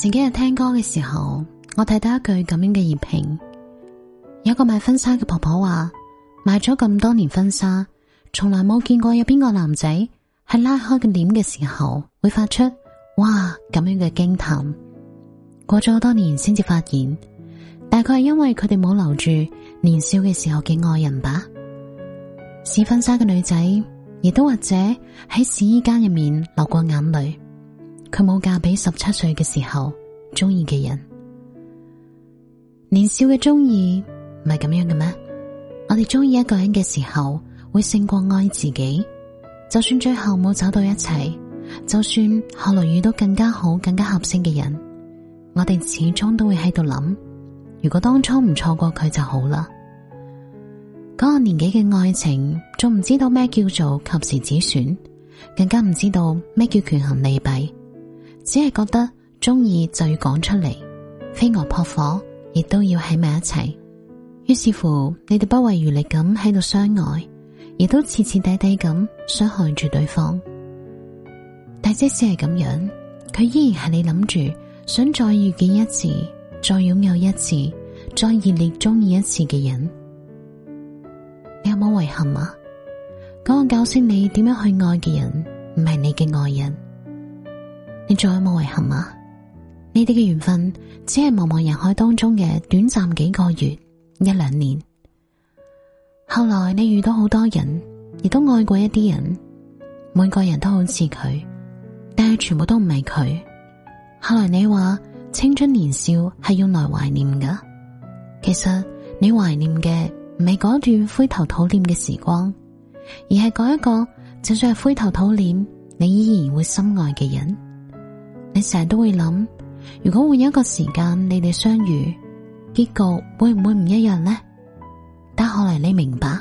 前幾日聽歌嘅時候，我睇到一句咁樣嘅熱評：有個賣婚紗嘅婆婆話，賣咗咁多年婚紗，從來冇見過有邊個男仔係拉開個簾嘅時候會發出哇咁樣嘅驚嘆。過咗好多年，先至發現，大概係因為佢哋冇留住年少嘅時候嘅愛人吧。試婚紗嘅女仔，亦都或者喺試衣間入面流過眼淚。佢冇嫁俾十七歲嘅時候中意嘅人，年少嘅中意唔係咁樣嘅咩？我哋中意一個人嘅時候，會勝過愛自己。就算最後冇走到一齊，就算後來遇到更加好、更加合適嘅人，我哋始終都會喺度諗，如果當初唔錯過佢就好啦。嗰個年紀嘅愛情，仲唔知道咩叫做及時止損，更加唔知道咩叫權衡利弊。只係覺得鍾意就要講出嚟，飛蛾撲火亦都要喺埋一齊。於是乎，你哋不遺餘力咁喺度相愛，亦都徹徹底底咁傷害住對方。但即使係咁樣，佢依然係你諗住想再遇見一次、再擁有一次、再熱烈鍾意一次嘅人。你有冇遺憾啊？嗰個教識你點樣去愛嘅人，唔係你嘅愛人。你仲有冇遺憾啊？呢啲嘅緣分只係茫茫人海當中嘅短暫幾個月一兩年。後來你遇到好多人，亦都愛過一啲人，每個人都好似佢，但係全部都唔係佢。後來你話青春年少係用來懷念噶，其實你懷念嘅唔係嗰段灰頭土臉嘅時光，而係嗰一個就算係灰頭土臉，你依然會心愛嘅人。你成日都會諗，如果換一個時間你哋相遇，結局會唔會唔一樣呢？但後來你明白，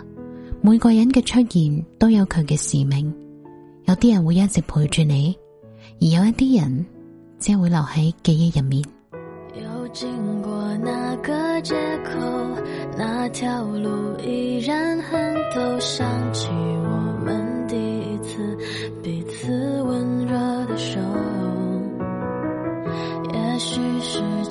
每個人嘅出現都有佢嘅使命，有啲人會一直陪住你，而有一啲人只會留喺記憶入面。又經過那個街口，那條路依然很陡，想起我們第一次彼此。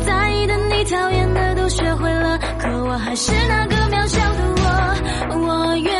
在意的你，討厭的都學會了，可我還是那個渺小的我。我願。